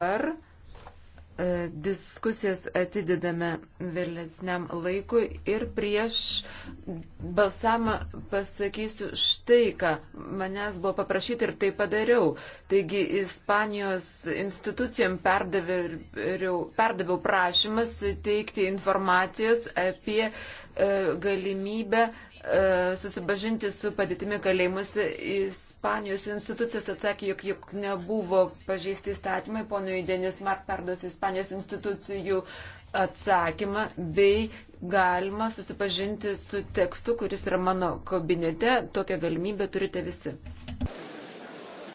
Dabar e, diskusijas atidedame vėlesniam laikui ir prieš balsamą pasakysiu štai, ką manęs buvo paprašyti ir tai padariau. Taigi Ispanijos institucijom perdaviau prašymą suteikti informacijos apie e, galimybę e, susibažinti su padėtimi kalėjimuose Ispanijos institucijos atsakė, jog juk nebuvo pažeisti įstatymai, ponui Denis Mark perduos Ispanijos institucijų atsakymą bei galima susipažinti su tekstu, kuris yra mano kabinete. Tokią galimybę turite visi.